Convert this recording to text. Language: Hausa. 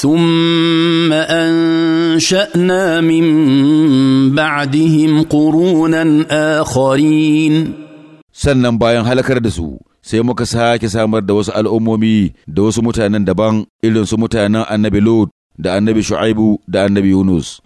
ثم انشانا من بعدهم قرونا اخرين sannan bayan halakar da su sai muka sake samar da wasu al'ummomi da wasu mutanen daban irin su mutanen annabi Lot da annabi Shu'aibu da annabi Yunus.